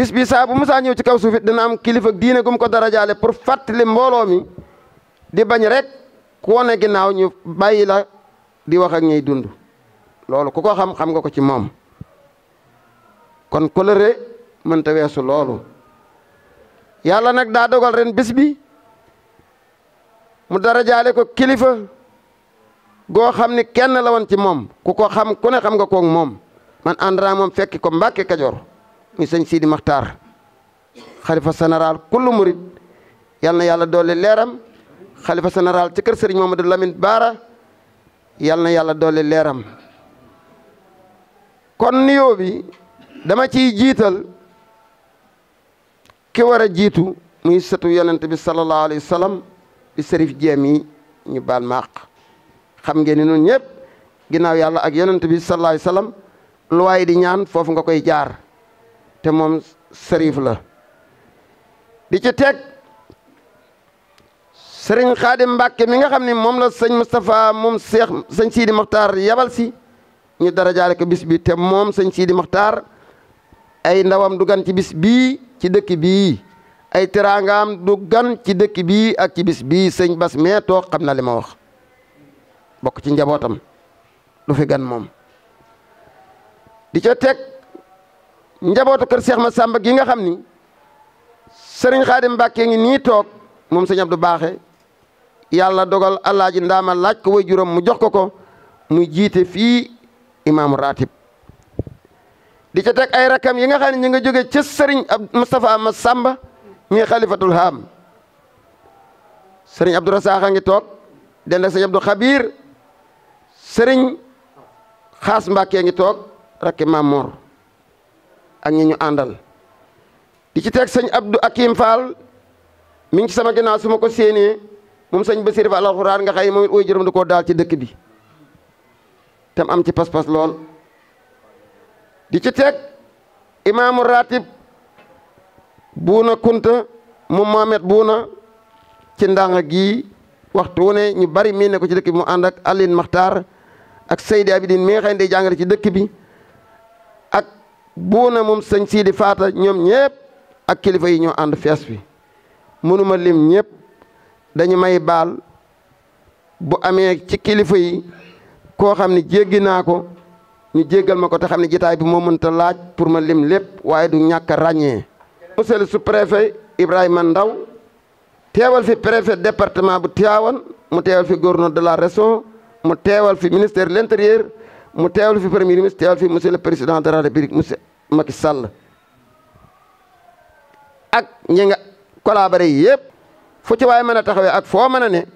bis bi saa bu musaa ñëw ci kaw suuf it dina am kilifa diine gum ko darajaale pour fàttali mbooloo mi di bañ rek ku wane ginnaaw ñu bàyyi la di wax ak ñuy dund loolu ku ko xam xam nga ko ci moom kon kolëre mënta weesu loolu yàlla nag daa dogal ren bis bi mu darajaale ko kilifa goo xam ni kenn la woon ci moom ku ko xam ku ne xam nga koog moom man àndraa moom fekki ko Mbàkke Kajoor muy sëñ Sidi Maxtaar xalifa général kullu murit yal na yàlla doole leeram xalifa général ci kër sëriñ Mamadou Lamine Baara yal na yàlla doole leeram kon nuyoo bi dama ciy jiital ki war a jiitu muy sëtu yonent bi sallallahu alayhi wa sallam di sërif jéem yi ñu baal maaq xam ngeen ni ñun ñëpp ginnaaw yàlla ak yonent bi sallallahu alayhi wa sallam lu di ñaan foofu nga koy jaar te moom sërif la di ci teg sëriñ xaadim mbàkke mi nga xam ne moom la sëñ Moustapha moom seex sëñ Sidi Mokhtar yabal si ñu darajaale ko bis bi te moom sëñ Sidi Mokhtar ay ndawam du gan ci bis bii ci dëkk bii ay teraangaam du gan ci dëkk bii ak ci bis bii sëñ Bas mee toog xam na li ma wax bokk ci njabootam du fi gan moom di ca teg njabootu kër ma Massamba gi nga xam ni sëriñ Xaadim Mbàkke ngi nii toog moom sëñ Abdou Baaxe yàlla dogal alaaji ndaama laaj ko way juróom mu jox ko ko muy jiite fii imaamu ratib di ca teg ay rakam yi nga xam ne ñu nga jóge ca sëriñ ab Moustapha sàmba ñuy xalifatul haam sëriñ Abdou Rassaaxa ngi toog den ak sëñ Abdou Xabiir sëriñ Xaas Mbàkke ngi toog rakki Maam Moor ak ñi ñu àndal di ci teg sëñ Abdou Akim Fall mi ngi ci sama ginnaaw su ma ko séenee moom sëñ Basir Fall alxuraan nga xay moom it ooy jërëm koo daal ci dëkk bi te am ci pas-pas lool di ci teg imaamu ratib buuna kunta mu Mohamed buuna ci ndànk gi waxtu wu ñu bari miin ne ko ci dëkk bi mu ànd ak Aline ak Seydi Abidine mi nga xam ne ci dëkk bi buuna moom sëñ Sidi Faata ñoom ñëpp ak kilifa yi ñoo ànd fees bi mënuma lim ñëpp dañu may baal bu amee ci kilifa yi koo xam ne jéggi naa ko ñu jéggal ma ko te xam ne jitaay bi moo mënta laaj pour ma lim lépp waaye du ñàkk a ràññee. monsieur su sous Ibrahima Ndaw teewal fi préfet département bu Tivaouane mu teewal fi gouverneur de la région mu teewal fi ministère de l'intérieur mu teewlu fi premier ministre teewlu fi le président de la république monsieur ak ñi nga collaboré yëpp fu ci waaye ma na taxawee ak foo mën a ne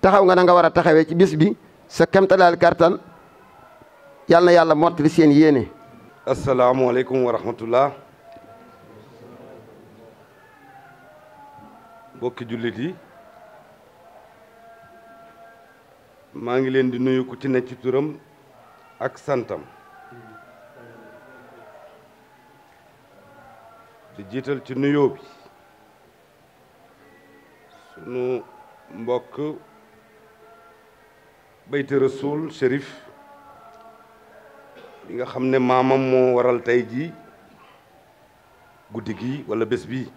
taxaw nga na nga war a taxawee ci bis bi sa kemtalaal kartan yàlla na yàlla mottali seen yéene. asalaamualeykum wa rahmatullah mbokki jullit yi maa ngi leen di nuyu ku ci ne ci turam. ak santam di jiital ci nuyoo bi sunu mbokk bayti rasul shérif li nga xam ne maamam moo waral tey jii guddi gi walla bés bii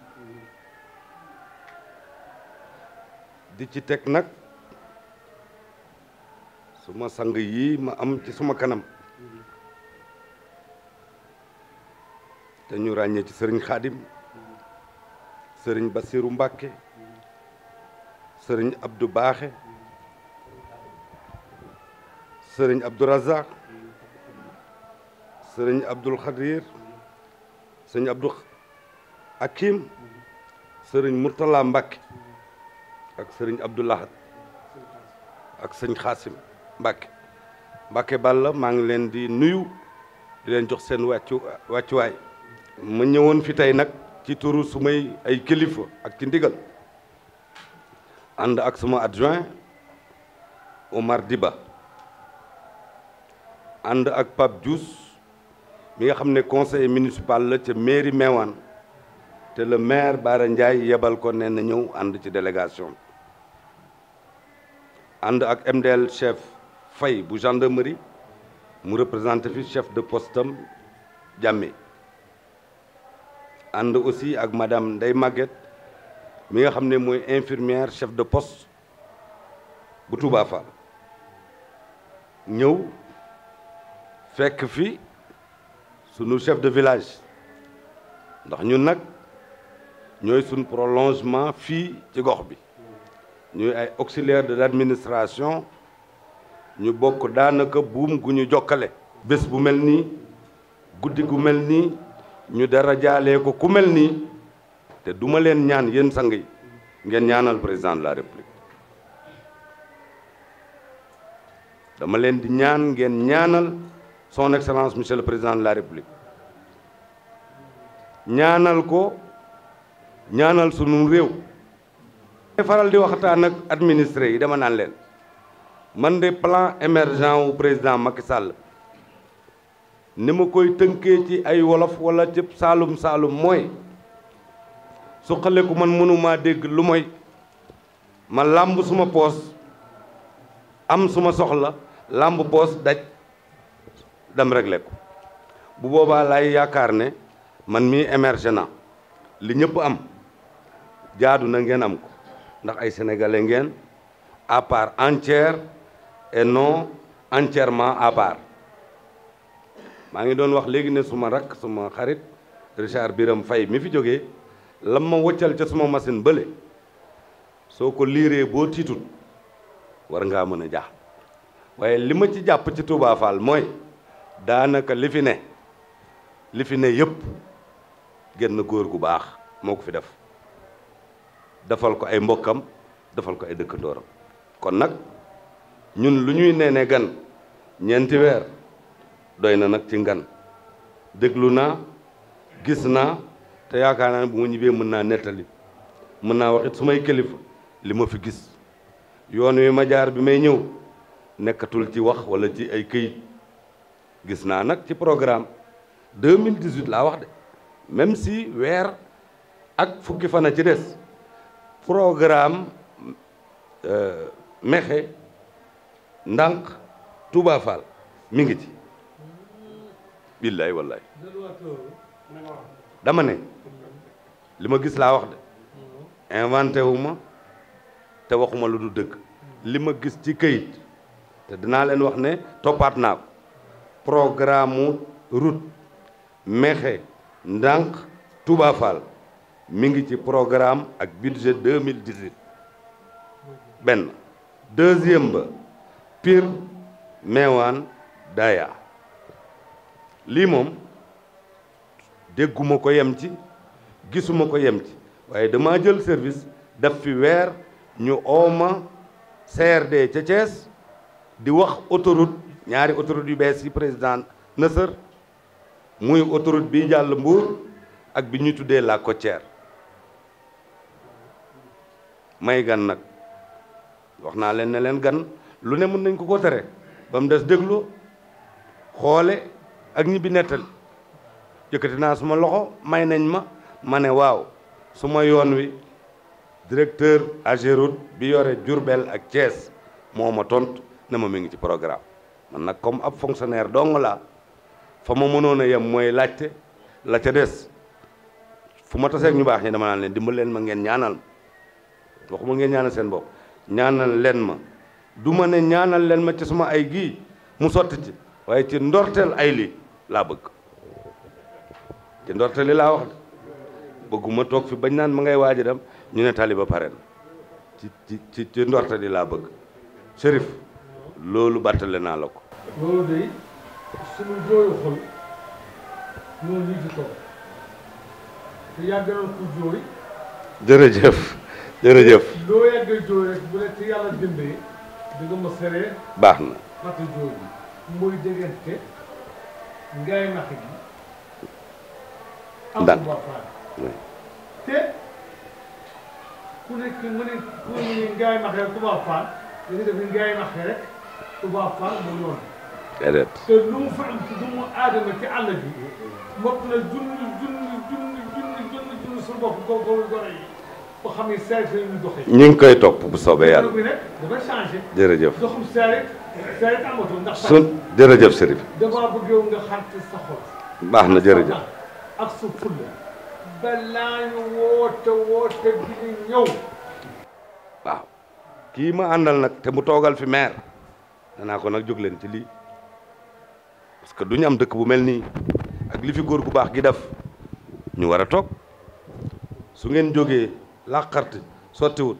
di ci teg nag suma sang yii ma am ci suma kanam te ñu ràññee ci sëriñ Xaadim sëriñ Basiru Mbàkke sëriñ Abdou Baaxe sëriñ Abdou Razak sëriñ Abdoul Khadir sëriñ Abdou Akim sëriñ Murtala Mbàkke ak sëriñ Abdou Lahad ak sëriñ Xaasim Mbacke Mbacke Balla maa ngi leen di nuyu di leen jox seen wàccu wàccuwaay ma ñëwoon fi tey nag ci turu su ay kilifa ak ci ndigal ànd ak sama adjoint Omar Diba ànd ak Pape Diouf mi nga xam ne conseiller municipal la ca mairie Mewane te le maire Bara Ndiaye yebal ko ne na ñëw ànd ci délégation ànd ak MDL chef Faye bu gendarmerie mu représenté fi chef de poste am Diamé ànd aussi ak madame Ndeye Maguette mi nga xam ne mooy infirmière chef de post bu Touba mhm. ñëw fekk fi sunu chef de village ndax ñun nag ñooy suñ prolongement fii ci gox bi ñooy ay auxiliaire de l'administration ñu bokk daanaka buum gu ñu jokkale bés bu mel ni guddi gu mel nii ñu dara jaale ko ku mel ni te duma leen ñaan yéen sang ngeen ñaanal président la république dama leen di ñaan ngeen ñaanal son excellence monsieur le président la république ñaanal ko ñaanal sunu réew. faral di waxtaan ak administré yi dama naan leen. man de plan émergent wu président Macky Sall ni ma koy tënkee ci ay wolof wala ci saalum saalum mooy su xaleku man mënumaa dégg lu mooy ma làmb suma poos am suma soxla làmb poos daj dem réglé ko bu boobaa lay yaakaar ne man mii émergent na li ñëpp am jaadu na ngeen am ko ndax ay sénégalais ngeen à part entière et non entièrement à maa ngi doon wax léegi ne suma rakk suma xarit Richard Biram fay mi fi jógee lam ma woccal ca suma machine bële soo ko liiree boo tiitul war ngaa mën a jaax waaye li ma ci jàpp ci Touba mooy daanaka li fi ne li fi ne yëpp genn góor gu baax moo ko fi def defal ko ay mbokkam defal ko ay dëkkandooram kon nag ñun lu ñuy nee ne gan ñeenti weer doy na nag ci ngan déglu na gis naa te yaakaar naa ne bu ma ñibbee mën naa nettali mën naa wax sumay su kilifa li ma fi gis yoon wi ma jaar bi may ñëw nekkatul ci wax wala ci ay këyit gis naa nag ci programme 2018 la wax de même si weer ak fukki fan a ci des programme euh, Mékhé ndànk tubaafal mi ngi ci billaay wallaay dama ne li ma gis laa wax de inventé wu ma te waxuma lu du dëgg li ma gis ci këyit te dinaa leen wax ne toppaat naa ko programme route Mékhé ndànk tubaafal Fall mi ngi ci programme ak budget deux mille dix-huit benn deuxième ba Pire Mewane Daya lii moom dégguma ko yem ci gisuma ko yem ci waaye damaa jël service daf fi weer ñu ooma CRD ca Thiès di wax autoroute ñaari autoroute yu bees yi président Nasser muy autoroute bi jàll Mbour ak bi ñuy tuddee la Côtière may gan nag wax naa leen ne leen gan lu ne mën nañ ko ko tere ba mu des déglu xoole ak ñi bi nettali yëkkati naa suma loxo may nañ ma ma ne waaw su ma yoon wi directeur Ageroute bi yore Diourbel ak Thiès moom ma tont ne ma mi ngi ci programme man nag comme ab fonctionnaire dong laa fa ma mënoon a yem mooy laajte la ca des fu ma taseeg ñu baax ñi dama naan leen dimbal leen ma ngeen ñaanal ma waxuma ngeen ñaanal seen bopp ñaanal leen ma du ma ne ñaanal leen ma ci suma ay gii mu sotti ci waaye ci ndortel ay li laa bëgg ci ndorteel li laa wax de bëgguma toog fi bañ naan ma ngay waaj a dem ñu ne tali ba pare na ci ci ci ci laa bëgg Chérif loolu bàttale naa la ko. te yàgg na ko jërëjëf jërëjëf. baax na. ndànk te ku ne ku ne ku ne ngaay maxe rek Touba Fall da nga def ni ngaay maxe rek Touba Fall mu yoon. déedéet te lu mu fa am ci doomu aadama ci àll bi junni junni junni junni junni junni sa bopp góor ñu ngi koy topp bu soobee yàlla jërëjëf su jërëjëf sëriñ baax na jërëjëf ak su fulla balaa woote woote bi ñëw waaw kii ma àndal nag te mu toogal fi maire danaa ko nag jóg leen ci lii parce que duñu am dëkk bu mel nii ak li fi góor gu baax gi def ñu war a toog su ngeen jógee làqarti sottiwut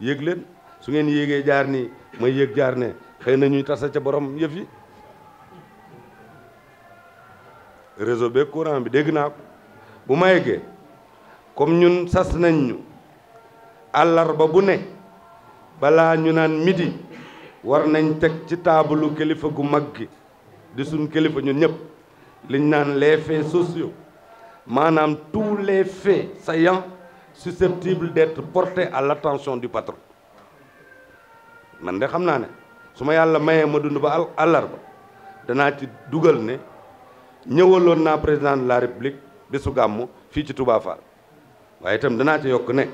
yéeg leen su ngeen yéegee jaar ni may yéeg jaar ne xëy nañuy ñuy tasa ca borom yëf yi réseau beeg courant bi dégg naa bu ma yeggee comme ñun sas nañ ñu àllarba bu ne bala ñu naan midi war nañ teg ci taabalu kilifa gu mag gi di suñ kilifa ñun ñëpp liñ naan les faits sociaux maanaam tous les faits saillants susceptible d'être porté à l'attention du patron man de xam naa ne su ma yàlla mayee ma dund ba àllarba danaa ci dugal ne ñëwaloon naa président de la république bésu gàmmu fii ci Touba Fall waaye itam danaa ci yokk ne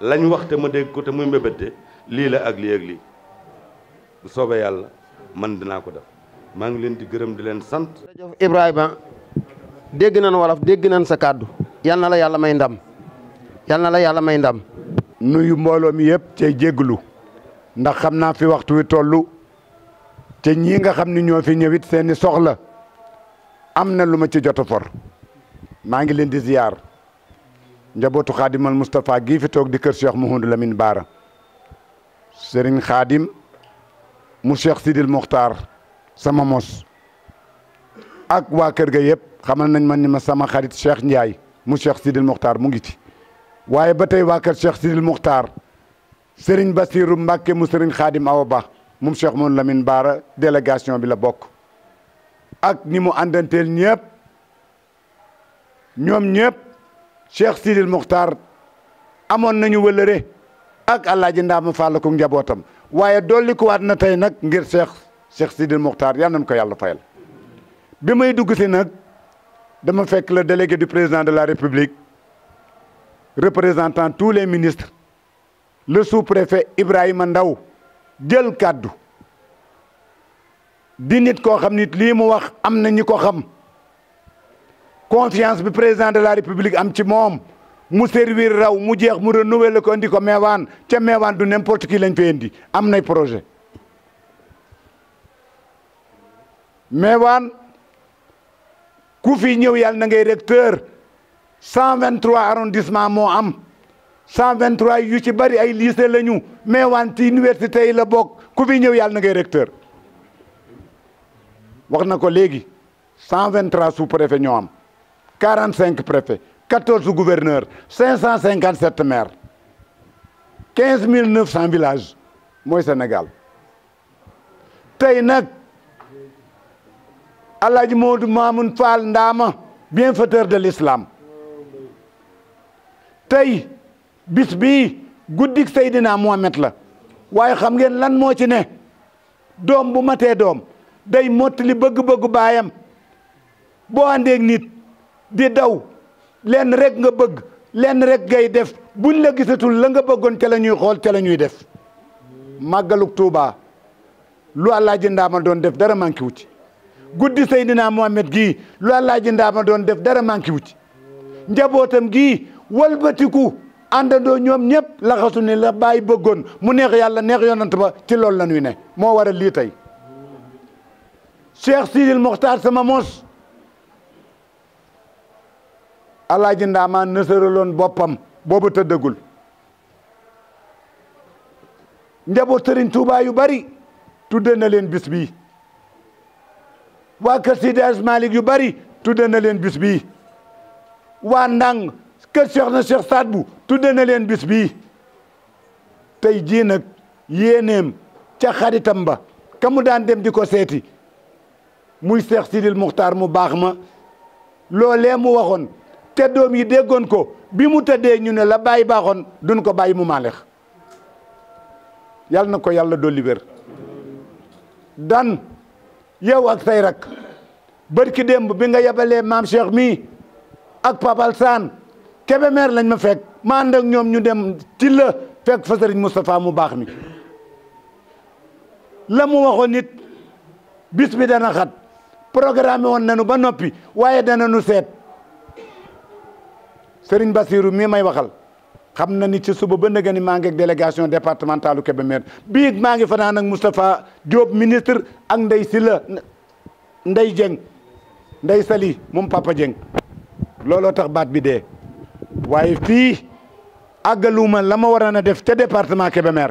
lañ wax te ma dégg ko te muy mbébétte lii la ak lii ak lii bu soobee yàlla man dinaa ko def maa ngi leen di gërëm di leen sant. jërëjëf Ibrahima dégg nañ wolof dégg nañ sa kàddu yal na la yàlla may ndam. yal na la yàlla may ndam. nuyu mbooloo mi yëpp cee jégglu ndax xam naa fi waxtu wi toll te ñii nga xam ni ñoo fi ñëwit seeni soxla am na lu ma ci jot maa ngi leen di ziyaar njabootu xaadimal Moustapha gii fi toog di kër Cheikh Mouhoundou Lamine Baara Serigne Xaadim mu Cheikh Sidil Mokhtar sama mos ak waa kër ga yëpp xamal nañ man ni ma sama xarit Cheikh Ndiaye mu Cheikh Sidil Mokhtar mu ngi ci. waaye ba tey waa kër Cheikh Sidil Muxtaar Serigne Bassirou Mbacke mu Serigne Khadim Awa Ba moom Cheikh Moon Lamine Baara délégation bi la bokk ak ñi mu àndanteel ñëpp ñoom ñëpp Cheikh Sidil Muxtaar amoon nañu wëlëre ak Alaaji Ndaama Fall ko njabootam waaye dolli ku waat na tey nag ngir Cheikh Cheikh Sidil Muxtaar yal nañu ko yàlla fayal bi may dugg si nag dama fekk le délégué du président de la république. représentant tous les ministres le sous-préfet Ibrahima Ndaw jël kàddu di nit koo xam nit lii mu wax am na ñi ko xam confiance bi président de la république am ci moom mu servir raw mu jeex mu renouveler ko indi ko meewaan ca meewaan du n'importe qui lañ fay indi am nay projet meewaan ku fi ñëw yàlla na ngay recteur cent vingt trois arrondissement moo am cent vingt trois yu ci bari ay lycée la ñu mais wante université yi la bokk ku fi ñëw yàlla na ngay recteur wax na ko léegi cent vingt trois sous préfet ñoo am quarante cinq préfet quatorze gouverneur cinq cent cinquante sept maire quinze mille neuf cent villages mooy Sénégal tey nag Alaaji Moodu Maamun Fall Ndaama bienfaiteur de l'islam tey bis bii guddik Seydina Mohamed la waaye xam ngeen lan moo ci ne doom bu matee doom day mottali bëgg-bëggu baayam boo àndeeg nit di daw lenn rek nga bëgg lenn rek gay def buñ la gisatul la nga bëggoon ca la ñuy xool ca la ñuy def màggaluk Tuuba lu Alaaji Ndaama doon def dara manqué wu ci guddi Seydina Mohamed gii lu Alaaji Ndaama doon def dara manqué wu ci njabootam gii walbatiku àndandoo ñoom ñëpp laxasu ni la bàyyi bëggoon mu neex yàlla neex yonant ba ci loolu la ñuy ne moo waral lii tey Cheikh Sidil Mokhtar sama mos alaaji ndaamaa nësëraloon boppam boobu tëddagul njaboot sëriñ Tuubaa yu bari tudde na leen bis bii waa kër Sidi Malick yu bari tudde na leen bis bii waa ndang kër Cheikh na Cheikh Saad Bou tudde na leen bis bii tey jii nag ca xaritam ba ka mu daan dem di ko seeti muy Cheikh Sidil Muxtaar mu baax ma loole mu waxoon te doom yi déggoon ko bi mu tëddee ñu ne la bàyyi baaxoon duñ ko bàyyi mu maalex yàlla na ko yàlla dolli wér dan yow ak say rak bërki démb bi nga yebalee maam Cheikh mii ak Papal Saan Kébémer lañ ma fekk ma ànd ñoom ñu dem ci la fekk fa sëriñ Moustapha mu baax mi la mu waxoon nit bis bi dana xat programme woon nañu ba noppi waaye dana nu seet sëriñ Basiru mii may waxal xam na ni ci suba ba nëgë ni maa ngi ak délégation départementale Kébémer bii maa ngi fanaan ak Moustapha Diop ministre ak Ndey Silla Ndey Dieng Ndey Sali moom Papa Dieng looloo tax baat bi dee. waaye fii àggaluma la ma waroon a def ca département Kébémer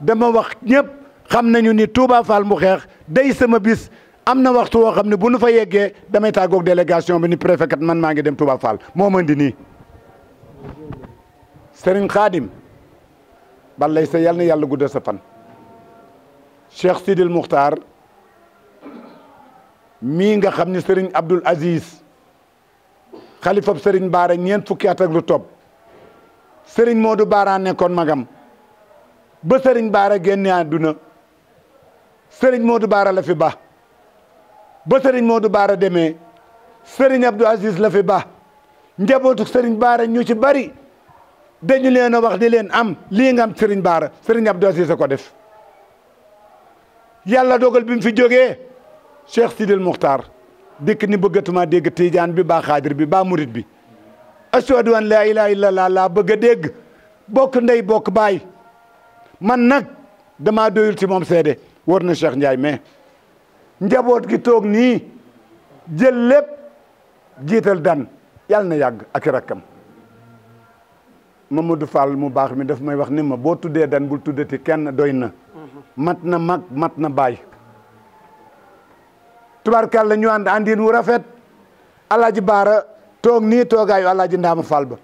dama wax ñépp xam nañu ni Touba Fall mu xeex day sama bis am na waxtu woo xam ne bu nu fa yeggee damay tàggoog délégation bi ni préfet man maa ngi dem Touba Fall moo mën di nii Serigne Khadim balay sa yal na yàlla guddal sa fan Cheikh Sidil Mukhtar mii nga xam ne Serigne abdul Aziz xalifab Serigne Baara ñeent fukki at ak lu topp Serigne Modou Baara nekkoon magam ba sëriñ Baara génne àdduna Serigne Modou Baara la fi ba ba Serigne Modou Baara demee Serigne Abdou Aziz la fi ba njabootu Serigne Baara ñu ci bari dañu leen a wax di leen am lii nga am Serigne Baara Serigne Abdou Aziz a ko def yàlla dogal bi mu fi jógee Cheikh Sidil Muxtaar dikk ni bëggatuma dégg tiijaan bi baa xaadir bi baa murit bi ashhadu an laa ilaaha illallaah laa bëgg a dégg bokk ndey bokk baay man nag damaa doyul ci moom seede war na Cheikh Ndiaye mais njaboot gi toog nii jël lépp jiital dan yàlla na yàgg ak rakkam Mamadou Fall mu baax mi daf may wax ni ma boo tuddee dan bul tuddati kenn doy na mhm. mat na mag mat na baay tubaarkal la ñu ànd àndin wu rafet alaaji baara toog nii toogaayu alaaji ndaama fall ba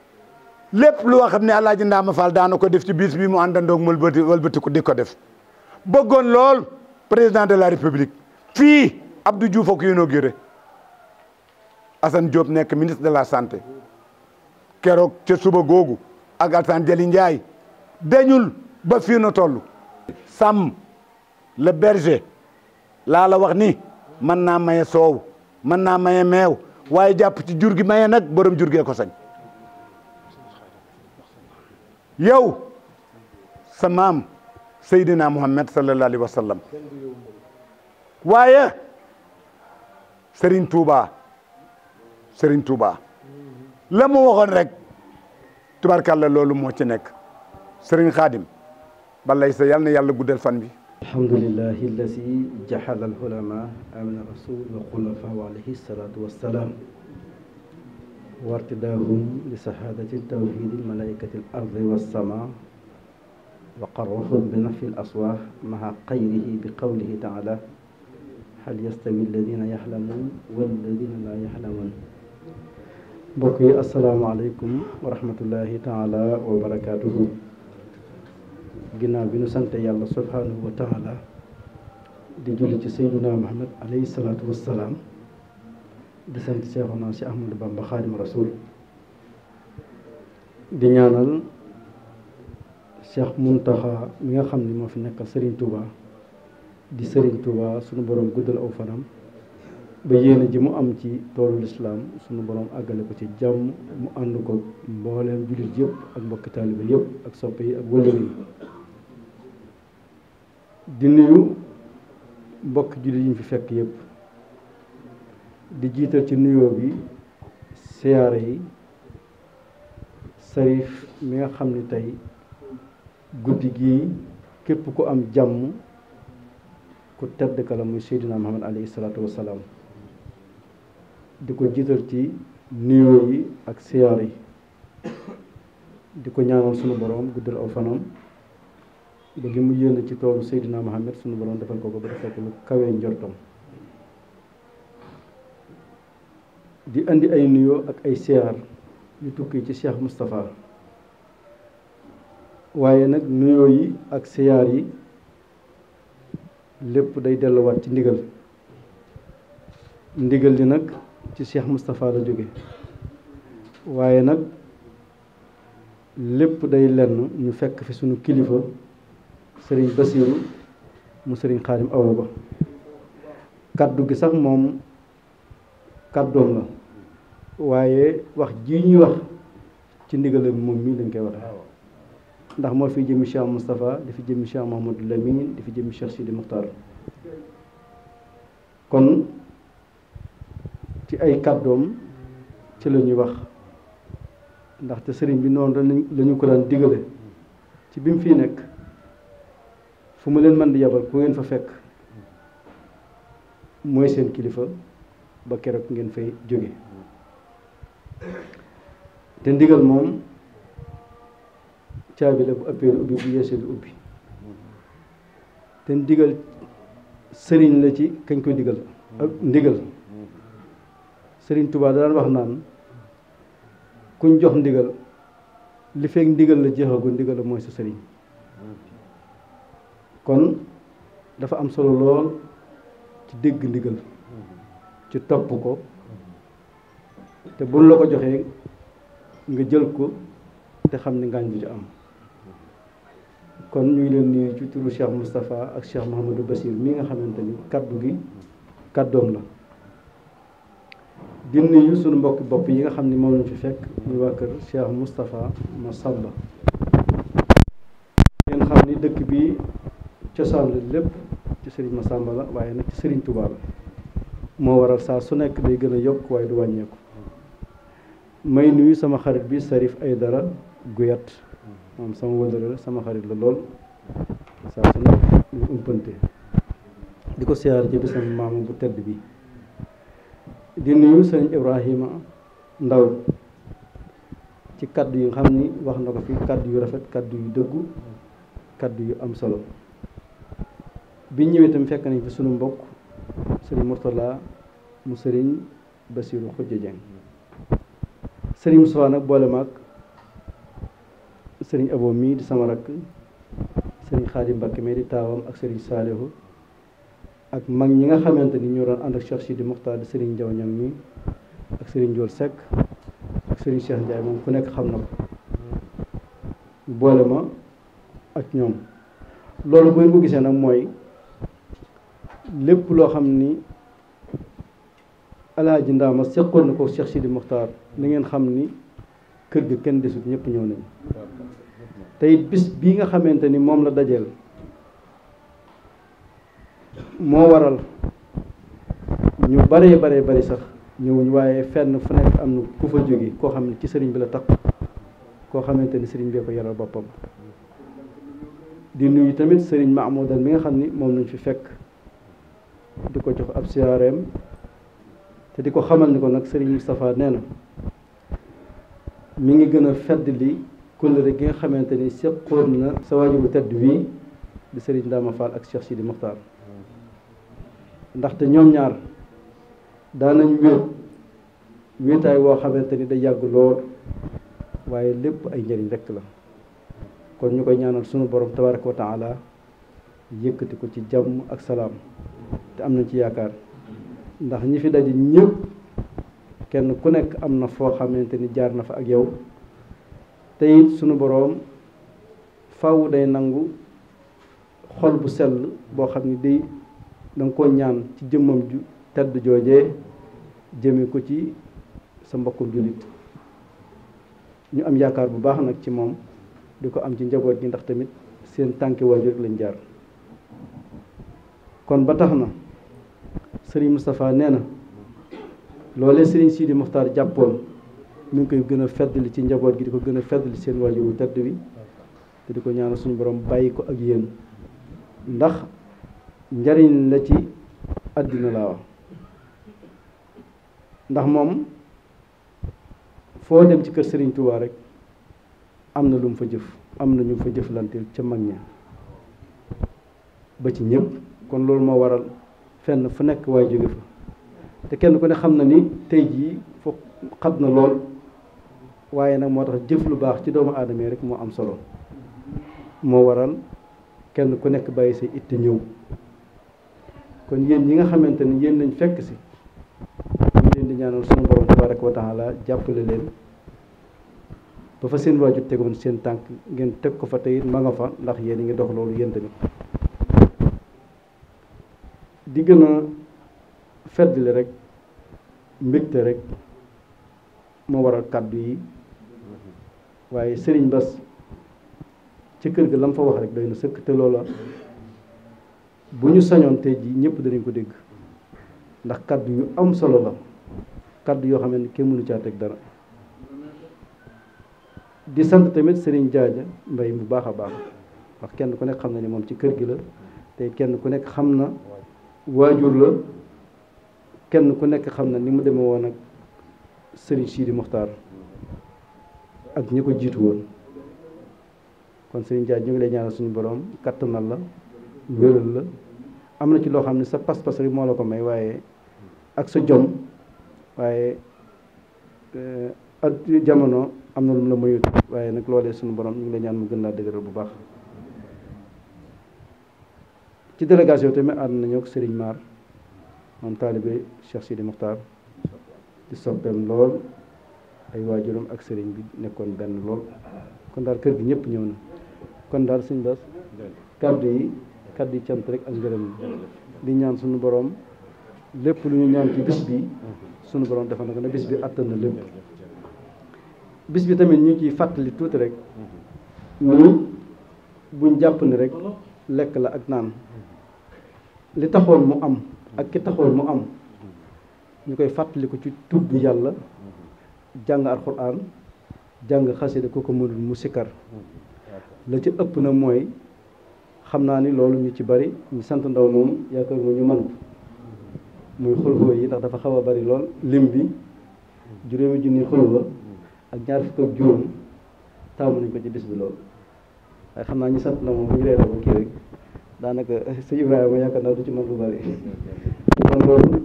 lépp loo xam ne alaaji ndaama fall daana ko def ci bis bi mu àndandoog mal bati walbatiku di ko def bëggoon lool président de la république fii Abdou Diouf ak inauguré Assane Diop nekk ministre de la santé keroog ca suba googu ak Alassane Dialy Ndiaye dañul ba fii na toll sàmm le berger laa la wax ni mën naa maye soow mën naa maye meew waaye jàpp ci jur gi maye nag borom jur gee ko sañ yow sa maam Seydina Muhammad sallallahu alayhi wa sallam waaye Serigne Touba Serigne Touba la mu waxoon rek tubarkalla loolu moo ci nekk Serigne Khadim balay sa yàlla na yàlla guddal fan bi الحمد لله الذي جعل العلماء من الرسول والخلفاء عليه الصلاة والسلام وارتداهم لشهادة توحيد الملائكة الأرض والسماء وقرهم بنفي الأصوات مع قيله بقوله تعالى هل يستوي الذين يعلمون والذين لا يعلمون بقي السلام عليكم ورحمة الله تعالى وبركاته ginaaw bi nu sante yàlla subhanahu wa taala di julli ci sayyiduna muhammad alayhi salaatu wassalaam di sant seexuna si ahmadu bamba xaadim rasul di ñaanal cheikh muntaxa mi nga xam ni moo fi nekkal sëriñ tuuba di sëriñ tuuba sunu borom guddal aw fanam ba yéene ji mu am ci toolu lislaam sunu borom àggale ko ci jàmm mu ànd ko mbooleem jullit yëpp ak mbokki taaliba yëpp ak soppe yi ak wëllëri yi di nuyu mbokk jullit yi ñu fi fekk yépp di jiital ci nuyoo bi siyaare yi sarif mi nga xam ni tey guddi gii képp ku am jàmm ku tedd ka la muy Seydina Muhammad alayhi salaatu di ko jiital ci nuyoo yi ak siyaare yi di ko ñaanal sunu boroom guddal aw fanam ba li mu yéene ci toolu Seydina Mohamed sunu borom defal ko ko ba defal ko lu kawee njortam di indi ay nuyoo ak ay siyaar yu tukki ci Cheikh Moustapha waaye nag nuyoo yi ak siyaar yi lépp day delluwaat ci ndigal ndigal li nag ci Cheikh Moustapha la jóge waaye nag lépp day lenn ñu fekk fi sunu kilifa sëriñ Basiiru mu sëriñ Xaadim Awa Ba kaddu gi sax moom kaddoom la waaye wax jii ñuy wax ci ndigalam moom mii lañ koy waxe ndax moo fi jëmi Cheikh Moustapha di fi jëmi Cheikh Mahamadou Lamine di fi jëmi Cheikh Sidi Muxtaar kon ci ay kaddoom ci la ñuy wax ndaxte sëriñ bi noonu lañu ko daan digale ci bi mu fii nekk fu ma leen man di yabal ku ngeen fa fekk mooy seen kilifa ba keroog ngeen fay jóge te ndigal moom caabi la bu ëppee lu ubbi bu yeesee lu ubbi te ndigal sëriñ la ci kañ ko digal ak ndigal sëriñ Tuubaa daan wax naan kuñ jox ndigal li fekk ndigal la jeexagul ndigal la mooy sa sëriñ kon dafa am solo lool ci dégg ndigal ci topp ko te buñ la ko joxee nga jël ko te xam ni ngaañ bi ci am kon ñu ngi leen nuyu ci turu Cheikh Moustapha ak Cheikh Mouhamadou Bassir mi nga xamante ni kaddu gi kàddoom la di nuyu suñu mbokki bopp yi nga xam ni moom lañu fi fekk ñu waa kër mustafaa Moustapha Massamba ngeen xam ni dëkk bi cosaan la lépp ci sëriñ Massamba la waaye nag ci sëriñ Touba moo waral saa su nekk day gën a yokk waaye du wàññeeku may nuyu sama xarit bi Sarif Aydara Guyat moom sama wëndëre sama xarit la lool saa su nekk ñu umpante di ko siyaar ci bisam maama bu tedd bi di nuyu sëriñ Ibrahima Ndaw ci kàddu yi xam ni wax na ko fi kaddu yu rafet kàddu yu dëggu kaddu yu am solo bi ñëwee itam fekk nañ fi sunu mbokk sëriñ Mourtala mu sëriñ Bassirou Khoudia Dieng sëriñ Moussa nag boole maag sëriñ Abo mii di sama rakk sëriñ Xaadim Mbàkke mii di taawam ak sëriñ Saalihu ak mag ñi nga xamante ni ñoo doon ànd ak Cheikh Sidi Muxtaar di sëriñ Jaw Ñang mi ak sëriñ Jool Seck ak sëriñ Cheikh Ndiaye moom ku nekk xam na ko boole ma ak ñoom loolu bu ngeen gisee nag mooy lépp loo xam ni alaaji ndaama seqoon na ko Cheikh Sidi Mokhtar na ngeen xam ni kër gi kenn desut ñëpp ñëw nañ te it bis bii nga xamante ni moom la dajeel moo waral ñu baree baree bari sax ñëwuñ waaye fenn fu nekk am na ku fa jóge koo xam ne ci sëriñ bi la takk koo xamante ni sëriñ bee ko yaral boppam di nuyu tamit sëriñ Mahmoudan mi nga xam ni moom lañu fi fekk di ko jox ab siyaareem te di ko xamal ni ko nag Serigne Moustapha nee na mi ngi gën a fedd li kóllëre gi nga xamante ni seqoon na sa waajur tedd wii di sëriñ Dama Fall ak Cheikh Sidi Mokhtar ndaxte ñoom ñaar daanañ wéet wéetaay woo xamante ni day yàgg lool waaye lépp ay njëriñ rekk la kon ñu koy ñaanal sunu borom tabaraka wa taala yëkkati ko ci jàmm ak salaam te am nañ ci yaakaar ndax ñi fi daje ñëpp kenn ku nekk am na foo xamante ni jaar na fa ak yow tey it sunu boroom faw day nangu xol bu sell boo xam ni day danga ko ñaan ci jëmmam ju tedd joojee jëme ko ci sa mbokkum jullit ñu am yaakaar bu baax nag ci moom di ko am ci njaboot gi ndax tamit seen tànki waajur lañ jaar kon ba tax na sëriñ Moustapha nee na loolee sëriñ Sidi Muxtaar jàppoon mi ngi koy gën a feddali ci njaboot gi di ko gën a feddali seen wàll wu tedd wi te di ko ñaanal suñu borom bàyyi ko ak yéen ndax njariñ la ci àddina laa wax ndax moom foo dem ci kër Serigne Touba rek am na lu mu fa jëf am na ñu fa jëflanteel ca mag ña ba ci ñëpp kon loolu moo waral fenn fu nekk waaye jóge fa te kenn ku ne xam na ni tey jii foo xat na lool waaye nag moo tax jëf lu baax ci doomu aadama rek moo am solo moo waral kenn ku nekk bàyyi sa itte ñëw kon yéen ñi nga xamante ni yéen lañ fekk si ñu leen di ñaanal suñu borom tabaraka wa taala jàppale leen ba fa seen waajur tegoon seen tànk ngeen teg ko fa te it ma nga fa ndax yéen a ngi dox loolu yéen tamit di gën a feddali rek mbégte rekk moo waral kàddu yi waaye sëriñ bas ci kër gi la mu fa wax rek doy na sëkk te loola bu ñu sañoon tey jii ñëpp danañ ko dégg ndax kàddu yu am solo la kàddu yoo xam ne kenn mënu caa teg dara di sant tamit sëriñ Jaaja Mbay mu baax a baax wax kenn ku nekk xam na ni moom ci kër gi la te kenn ku nekk xam na waajur la kenn ku nekk xam na ni mu demee woon ak sëriñ Sidi Mokhtar ak ñi ko jiitu woon kon sëriñ Dia ñu ngi lay ñaanal suñu borom kattanal la wéral la am na ci loo xam ne sa pas-pas rek moo la ko may waaye ak sa jom waaye euh, ak jamono am na lu mu la mayut waaye nag loolee suñu borom ñu ngi lay ñaan mu gën laa dëgëral bu baax. ci délégation tamit ànd nañu ak sëriñ Mar moom taalibe Cheikh Sidi Mokhtar di soppeem lool ay waajuram ak sëriñ bi nekkoon benn lool kon daal kër gi ñëpp ñëw na kon daal suñ bas kaddu yi kaddu yi cant rek ak ngërëm di ñaan suñu borom lépp lu ñu ñaan ci bis bi suñu borom dafa na bis bi àttana na lépp bis bi tamit ñu ciy fàttali tuuti rek ñu buñ jàpp ni rek lekk la ak naan li taxoon mu am ak ki taxoon mu am ñu koy fàttaliku ci tudd yàlla jàng alxuraan jàng xasida ku ko mënul mu sikkar la ci ëpp na mooy xam naa ni loolu ñu ci bari ñu sant ndaw moom yaakaar mu ñu man muy xulwa yi ndax dafa xaw a bari lool lim bi juróomi junni xulwa ak ñaar fukk ak juróom taamu nañ ko ci bis bi lool waaye xam naa ñu sant na moom ñu reere ba kii rek daanaka sëñ Ibrahima yaakaar naa du ci mën lu bari kon loolu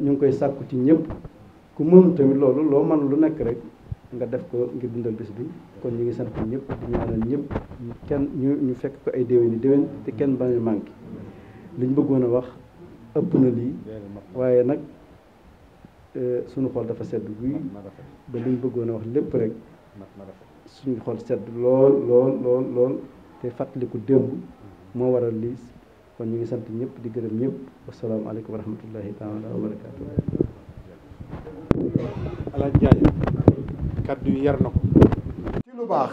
ngi koy sàkku ci ñëpp ku tamit loolu loo mën lu nekk rek nga def ko ngir dundal bis bi kon ñu ngi sant ñëpp di ñaanal ñëpp kenn ñu ñu fekk ko ay déwén yi déwén te kenn bañ a manqué liñ bëggoon a wax ëpp na lii waaye nag euh, suñu xol dafa sedd guy ba liñ bëggoon a wax lépp rek suñu xool sedd lool lool lool lool te fàttaliku démb moo waral lii kon ñu ngi sant ñëpp di gërëm ñëpp wasalaamaaleykum wa rahmatullahi taala wa barakaatu. alaaj Njaay kaddu yi yar na ko. ci lu baax.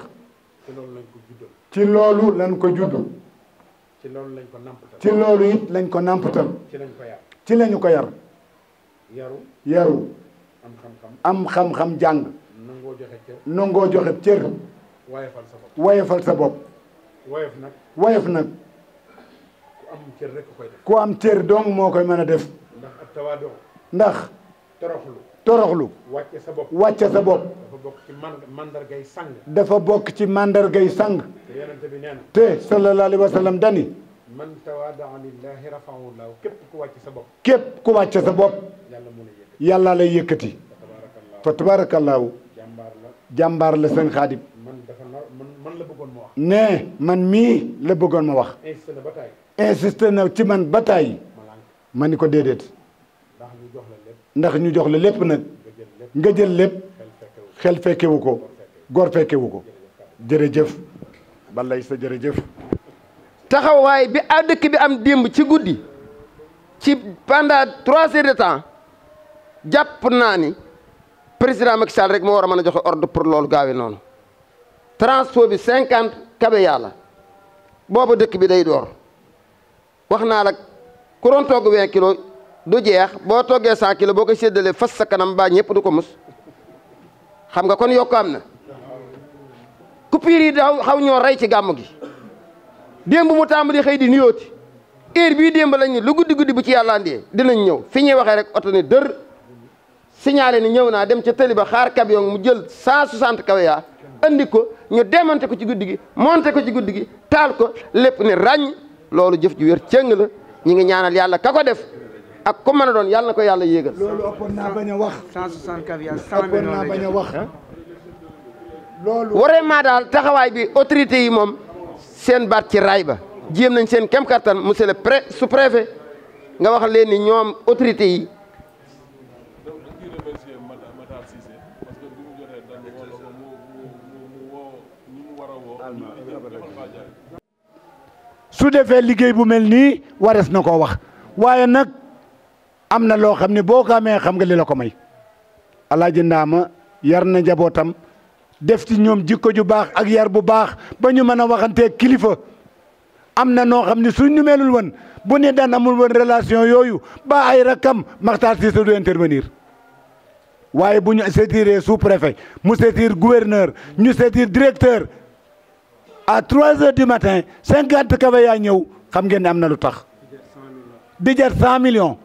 ci loolu lañ ko juddoo. ci loolu lañ ko juddoo. loolu lañ ko nàmpatal. ci loolu it lañ ko ci lañ ko ci lañu ko yar. yaru. yaru. am xam-xam am xam-xam jàng. nangoo joxe cër. nangoo sa bopp. wayefal sa bopp. nag. wayef nag. am cër rek koy def. ku am cër dong moo koy mën a def. ndax ak tawaadu. ndax. toroxlu toroxlu. wàcce sa bopp wàcce sa bopp. dafa bokk ci mandargay sang. dafa bokk ci mandargay sang. te yonente bi nee na. te sallallahu wa sallam dani. man tawaadaa lillahi rafahu llahu képp ku wàcce sa bopp. képp ku wàcce sa bopp. yàlla mu lay yëkkati. yàlla lay yëkkati. fa tabaarakallaahu. jàmbaar la jàmbaar seen xaadim. man dafa man man la bëggoon ma wax. nee man mii la bëggoon ma wax. insisté na na ci man ba taay. ma ni ko déedéet. ndax ñu jox la lépp. ndax ñu jox la lépp nag. nga jël lépp. xel fekkewu ko góor fekkewu ko. jërëjëf. balay sa jërëjëf. taxawaay bi a dëkk bi am démb ci guddi. ci pendant trois heures de temps jàpp naa ni président Macky Sall rek moo war a mën a joxe ordre pour loolu gaawe noonu. transport bi cinquante kabe yàlla booba dëkk bi day door wax naa la ku doon togg vingt kilo du jeex boo toggee cent kilo boo ko séddalee fas sa kanam baa ñëpp du ko mus xam nga kon yokk am na coupure yi daaw xaw ñoo rey ci gàmm gi démb mu tàmbali xëy di nuyooti heure bii démb lañ ni lu guddi guddi bu ci yàlla andee dinañ ñëw fi ñuy waxee rek oto ne dër signalé ni ñëw naa dem ca tëli ba xaar camion mu jël cent soixante kawe yaa andi ko ñu demante ko ci guddi gi monté ko ci guddi gi taal ko lépp ne ràññ loolu jëf ju wér cëng la ñu ngi ñaanal yàlla ka ko def ak ku mën a doon yàlla na ko yàlla yéegal. loolu ëppoon wax. 164 yàlla 100 millions ëppoon naa bañ a wax. loolu vraiment daal taxawaay bi autorité yi moom seen baat ci raay ba jéem nañ seen kem kattan monsieur le pré sous préfet nga wax leen ni ñoom autorité yi. su defee liggéey bu mel nii warees na koo wax waaye nag am na loo xam ne boo ko xam nga li la ko may alaaji ma yar na njabootam def ci ñoom jikko ju baax ak yar bu baax ba ñu mën a waxantee kilifa am na noo xam ne suñ ñu melul won bu ne daan amul woon relation yooyu ba ay rakam Makhtar Cissé du intervenir waaye bu ñu saisir sous préfet mu saisir gouverneur ñu saisir directeur à trois heures du matin cinquante café yaa ñëw xam ngeen am na lu tax di jar cent millions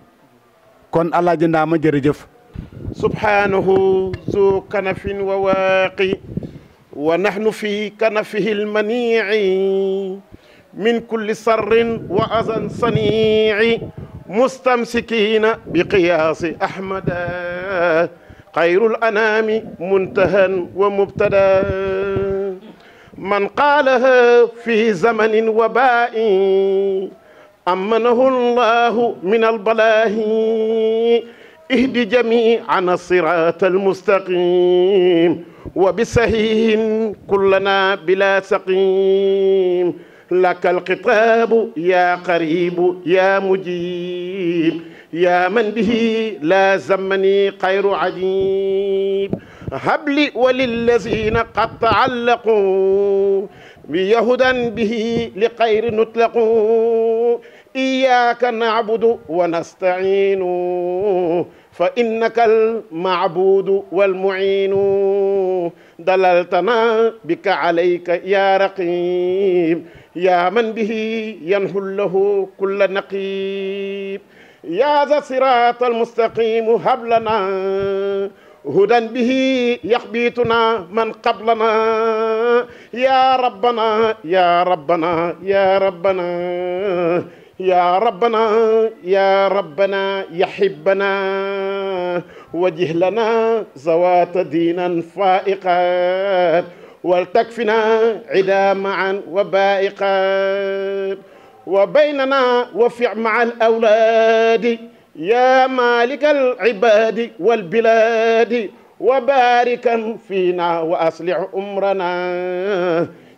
kon alaaji Ndaama jërëjëf subhanahu zu kanafin wa waaqi wa nahnu fi kanafihi almanii min kulli sarrin wa azan sanii mustamsikina bi qiyaasi ahmada xayrul anaami muntahan wa mubtada من قالها في زمن وباء أمنه الله من البلاء اهد جميعا الصراط المستقيم وبسهيه كلنا بلا سقيم لك الخطاب يا قريب يا مجيب يا من به لا زمني خير عجيب habli walillazina qad taallaqu bi yahudan bihi li xayri nutlaqu iyyaka na'budu wa nasta'inu fa innaka alma'budu walmu'inu dalaltana bika alayka ya raqib ya man bihi yanhul lahu kulla naqib ya za sirata almustaqim hablana هدى به يخبيتنا من قبلنا يا ربنا يا ربنا يا ربنا يا ربنا يا ربنا يحبنا وجه لنا زوات دينا فائقا ولتكفنا عدا معا وبائقا وبيننا وفع مع الأولاد ya malikal ibadi wal biladi wa barikan fiina wa aslih umrana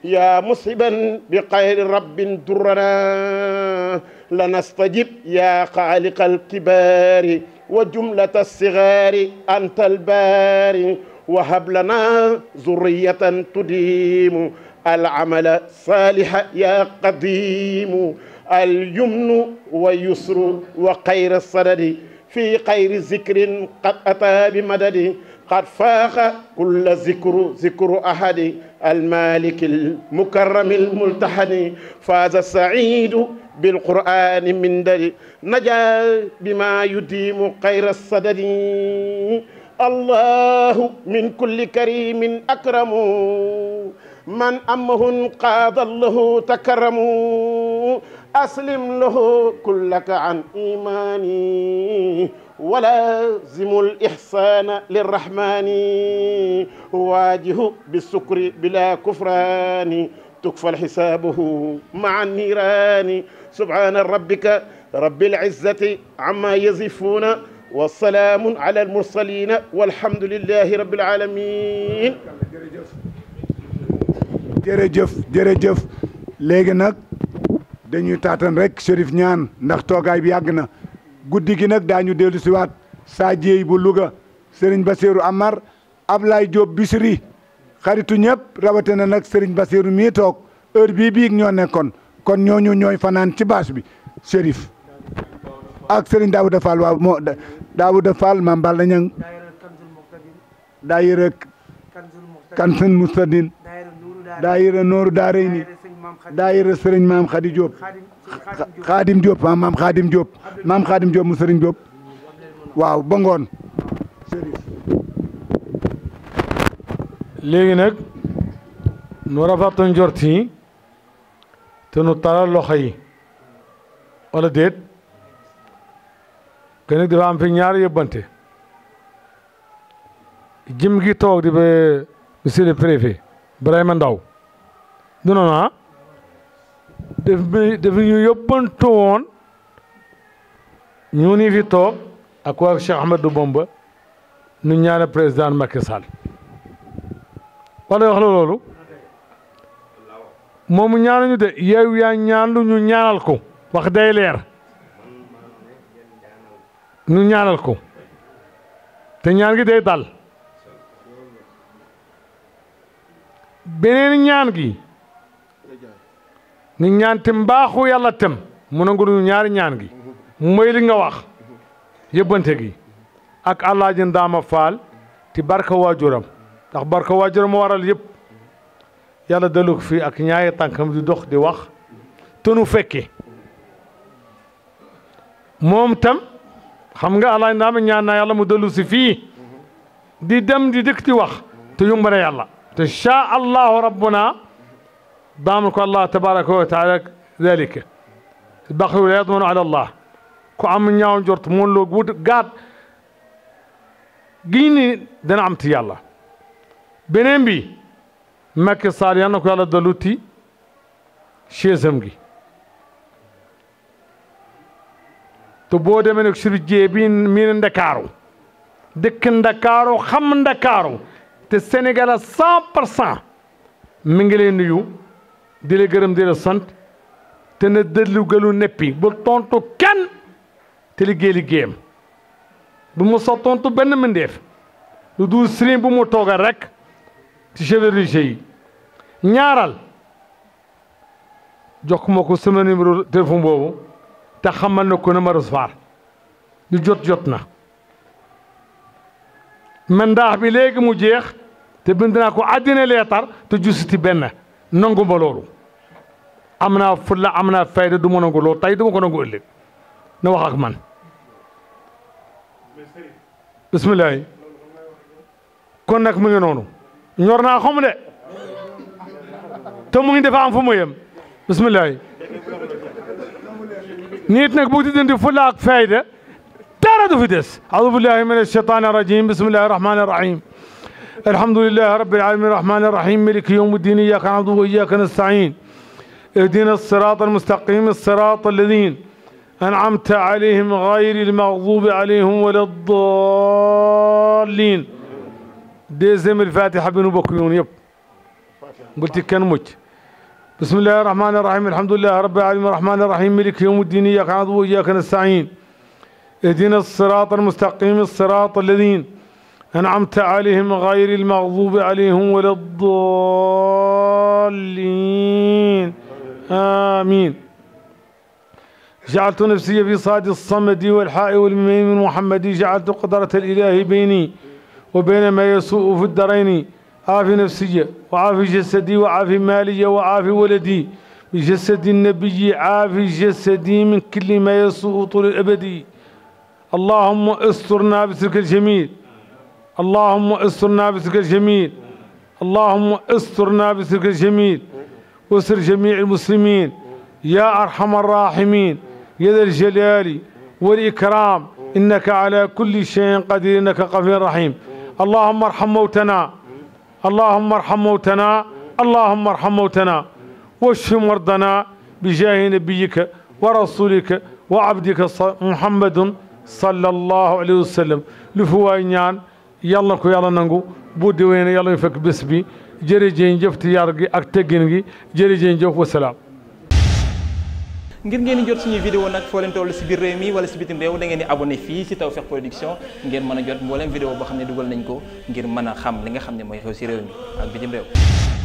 ya musiban bi xayri rabbin durrana lanastajib ya xaaliqa alkibaari wa jumlata alsigaari anta albaari wa hab lana zurriyatan tudiimu alamala saliha ya qadimu alyumnu wa yusru wa xayra sadadi fi xayri zikrin qad ataa bi madadi qad faaxa kulla zikru zikru ahadi almaliki almukarrami almultahani faaza saidu bilqurani min dari naja bima yudiimu xayra sadadi allahu min kulli karimin akramu man amahun qaada allahu takaramu أسلم له كلك عن إيماني ولازم الإحسان للرحمن واجه بالسكر بلا كفران تكفل حسابه مع النيران سبحان ربك رب العزة عما يصفون والسلام على المرسلين والحمد لله رب العالمين jërëjëf jërëjëf léegi nag dañuy taatan rek Chérif ñaan ndax toogaay bi yàgg na guddi gi nag daañu dellu siwaat saa jéey bu Louga Serigne Bassirou Amar Ablaye Diop Bichri xaritu ñëpp rawatina nag Serigne Bassirou mii toog heure bii biig ñoo nekkoon kon ñooñu ñooy fanaan ci baas bi Chérif ak Serigne Daouda Fall waaw moo Daouda Fall maam Balla Ñang daayira Kanzul Muhtadin daayira Nooru Daarayni daayira sëriñ maam Khady Diop Khadim Diop maam maam Khadim Diop mu sëriñ Diop waaw ba léegi nag nu rafetlu njort yi te nu talal loxo yi wala déet que nag dafa am fi ñaari yëbbante jëm gi toog di ba monsieur le préfet Ibrahima Ndaw du daf may daf ñu yóbbantu woon fi toog ak waa Cheikh Ahmadou Bamba nu ñaane président Macky Sall wala wax la loolu moomu ñaanuñu de yow yaa ñaan ñaanal ko wax day leer ñu ñaanal ko te ñaan gi day dal beneen ñaan gi ni ñaan tim mbaaxu yàlla tem mu nangu nu ñaari ñaan gi mooy li nga wax yëbbante gi ak alaaji Ndaama Faal ti barka waajuram ndax barka waajuram moo waral yépp yàlla dellu ko fii ak ñaari tànkam di dox di wax te nu fekke moom tam xam nga alaaji Ndaama ñaan naa yàlla mu dellu si fii di dem di dëkk di wax te yomb yàlla te sha allahu rabbuna ضامنك الله تبارك وتعالى ذلك البخيل لا يضمن على الله ku am ñaaw njort moom loo wut gaat am ci yàlla beneen bi Macky Sall yal ko yàlla dalu ci chaisam gi te boo demee nag sur jee bi miin ndakaaru dëkk ndakaaru xam ndakaaru te Sénégal à cent pour mi ngi lay di gërëm di sant te na dëdlu gëlu neppi bu tontu kenn te liggéey liggéeyam bu mu sa tontu benn mbindeef lu dul sëriñ bu mu toogal rek ci chef religieux yi ñaaral jox ma ko sama numéro téléphone boobu te xamal na ko na ma recevoir lu jot jot na man daax bi léegi mu jeex te bind naa ko àddina leetar te jusuti benn nangu ma am naa fulla am naa fayda du ma nangu loolu tey du ma ko ëllëg na wax ak man bisimilah kon nag mu ngi noonu ñor naa xam de te mu ngi dafa am fu mu yem bisimilah nit nag bu di fulla ak fayda dara du fi des aoudu billahi min alsheytani irajim bisimillahi rahmani الحمد لله رب العالمين الرحمن الرحيم ملك يوم الدين إياك نعبد وإياك نستعين اهدنا الصراط المستقيم الصراط الذين أنعمت عليهم غير المغضوب عليهم ولا الضالين ديزم الفاتحة بن بكيون يب قلت كان مج بسم الله الرحمن الرحيم الحمد لله رب العالمين الرحمن الرحيم ملك يوم الدين إياك نعبد وإياك نستعين اهدنا الصراط المستقيم الصراط الذين أنعمت عليهم غير المغضوب عليهم ولا الضالين آمين جعلت نفسي في صاد الصمد والحاء والميم محمد جعلت قدرة الإله بيني وبين ما يسوء في الدارين عافي نفسي وعافي جسدي وعافي مالي وعافي ولدي بجسد النبي عافي جسدي من كل ما يسوء طول الأبدي اللهم استرنا بسرك الجميل اللهم استرنا بسترك الجميل اللهم استرنا بسترك الجميل واستر جميع المسلمين يا أرحم الراحمين يا ذا الجلال والإكرام إنك على كل شيء قدير إنك غفور رحيم اللهم ارحم موتنا اللهم ارحم موتنا اللهم ارحم موتنا واشف مرضنا بجاه نبيك ورسولك وعبدك محمد صلى الله عليه وسلم لفواي ñaan yàlla na ko yàlla nangu bu déwénee ne yàlla ñu fekk bés bi jërëjëf jëf ti yar gi ak teggin gi jërëjëf jëf wasalaam ngir ngeen di jot suñuy vidéo nag foo leen toll si biir réew mi wala si bitim réew da ngeen abon abonné fii si taw Tawfekh Production ngeen mën a jot mbooleem vidéo boo xam ne dugal nañ ko ngir mën a xam li nga xam ne mooy xew si réew mi ak bitim réew